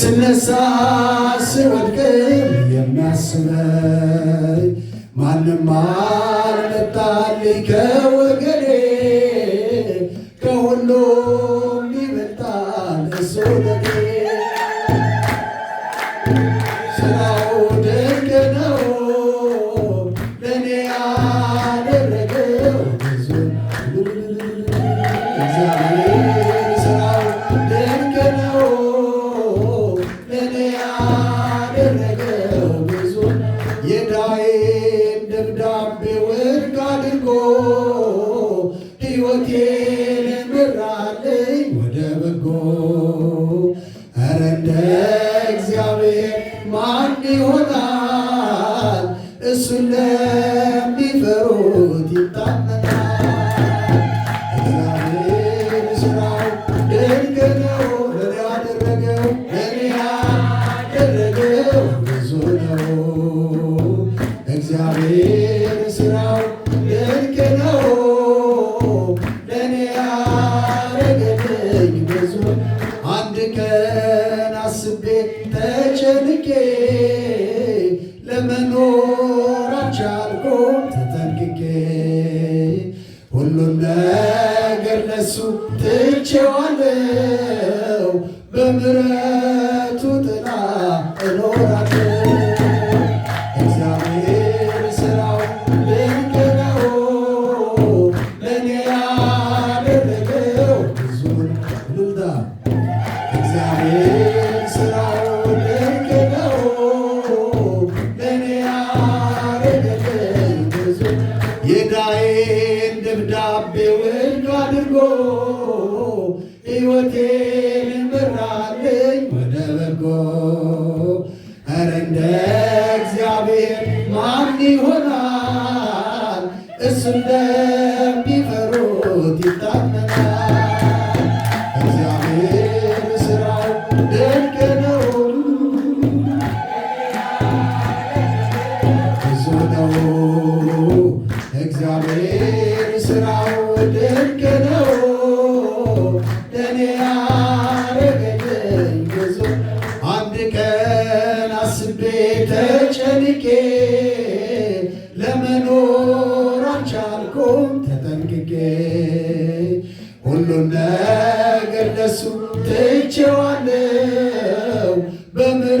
ስነሳ ስወድቅም የሚያስበኝ ማንም አልመጣልኝ ከወገኔ ከሁሉም ይበልጣል እሱ ለኔ ስራው እረ እንደ እግዚአብሔር ማን ይሆናል? እሱን ለሚፈሩት ይታመናል። እግዚአብሔር ሥራው ድንቅ ነው። ለእኔ ያደረገው ለእኔ ያደረገው ብዙ ነው። እግዚአብሔር ሥራው ድንቅ ነው። ለእኔ ያደረገልኝ አንድ ቀን አስቤ ተጨንቄ ለመኖር አልቻልኩም ተጠንቅቄ ሁሉም ነገር ለሱ ትቼዋለው በምረ እግዚአብሔር ስራውን ድንቅ ነው። ለእኔ ያደረገልኝ ብዙ የዕዳዬን ደብዳቤ ውድቅ አድርጎ ሕይወቴን መራልኝ ወደ በጎ። ኧረ እንደ እግዚአብሔር ማን ይሆናል? እሱ እንደሚፈሩት ይታመናል። ሁሉን ነገር ለሱ ትቼዋለሁ በምረ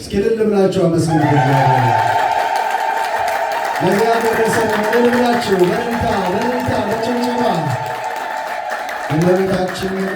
እስኪ እልል ብላችሁ አመስግኑ። ለዚያ ደረሰ እልል ብላችሁ በእልልታ በጭብጨባ እመቤታችን